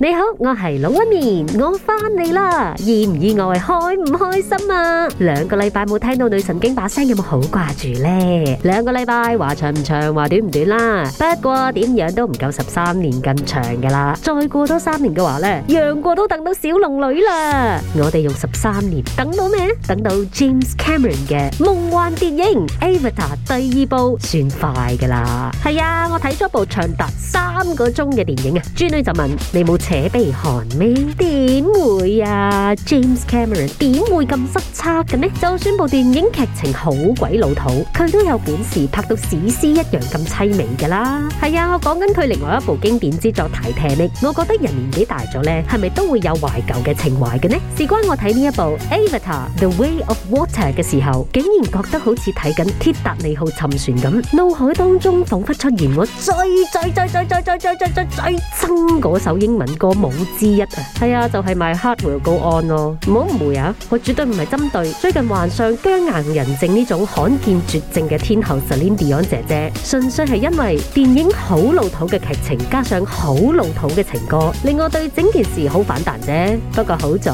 你好，我係龍紋敏，我翻嚟啦，意唔意外，開唔開心啊？兩個禮拜冇聽到女神經把聲，有冇好掛住呢？兩個禮拜話長唔長，話短唔短啦。不過點樣都唔夠十三年咁長噶啦。再過多三年嘅話呢，楊過都等到小龍女啦。我哋用十三年等到咩？等到 James Cameron 嘅夢幻電影《Avatar》第二部，算快噶啦。係啊，我睇咗部長達三個鐘嘅電影啊。豬女就問你冇？且被寒命點會啊？James Cameron 點會咁失策嘅呢？就算部電影劇情好鬼老土，佢都有本事拍到史詩一樣咁悽美㗎啦。係啊，我講緊佢另外一部經典之作《鐵達尼號》。我覺得人年紀大咗咧，係咪都會有懷舊嘅情懷嘅呢？事關我睇呢一部《Avatar：The Way of Water》嘅時候，竟然覺得好似睇緊《鐵達尼號》沉船咁，腦海當中彷彿出現我最最最最最最最最最憎嗰首英文。個冇之一啊，係啊，就係 My Heart Will Go On 咯。唔好誤會啊，我絕對唔係針對最近患上僵硬人症呢種罕見絕症嘅天后 Celine Dion 姐姐純粹係因為電影好老土嘅劇情，加上好老土嘅情歌，令我對整件事好反彈啫。不過好在，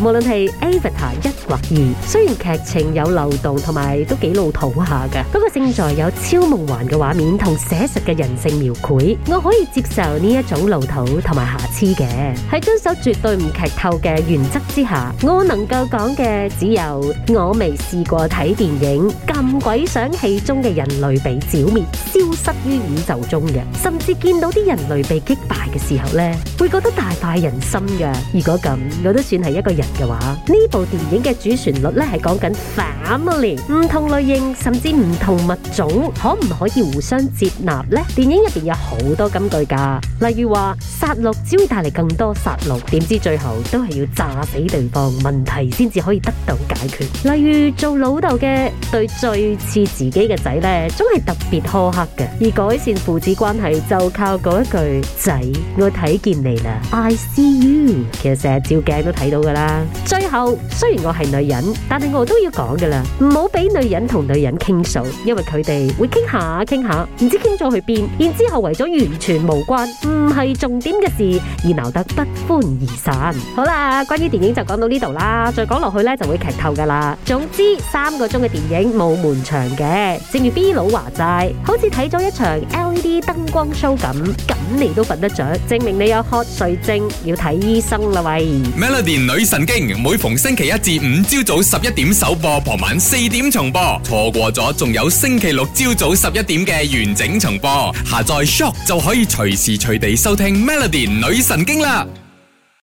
無論係《Avatar》一或二，雖然劇情有漏洞，同埋都幾老土下嘅，不過勝在有超夢幻嘅畫面同寫實嘅人性描繪，我可以接受呢一種老土同埋瑕疵。嘅喺遵守絕對唔劇透嘅原則之下，我能夠講嘅只有我未試過睇電影咁鬼想戲中嘅人類被剿滅、消失於宇宙中嘅，甚至見到啲人類被擊敗嘅時候呢，會覺得大快人心嘅。如果咁，我都算係一個人嘅話，呢部電影嘅主旋律呢，係講緊 family，唔同類型甚至唔同物種可唔可以互相接納呢？電影入邊有好多金句噶，例如話殺戮只會大。帶嚟更多殺戮，點知最後都係要炸死對方，問題先至可以得到解決。例如做老豆嘅對最似自己嘅仔呢，總係特別苛刻嘅。而改善父子關係就靠嗰一句：仔，我睇見你啦。I see you。其實成日照鏡都睇到㗎喇。最後雖然我係女人，但係我都要講㗎喇，唔好俾女人同女人傾訴，因為佢哋會傾下傾下，唔知傾咗去邊，然之後為咗完全無關唔係重點嘅事。而鬧得不歡而散。好啦，關於電影就講到呢度啦，再講落去呢，就會劇透噶啦。總之三個鐘嘅電影冇悶場嘅，正如 B 佬話齋，好似睇咗一場 LED 燈光 show 咁，咁你都瞓得着，證明你有瞌睡症，要睇醫生啦喂。Melody 女神經，每逢星期一至五朝早十一點首播，傍晚四點重播，錯過咗仲有星期六朝早十一點嘅完整重播，下載 Shock 就可以隨時隨地收聽 Melody 女神神經啦！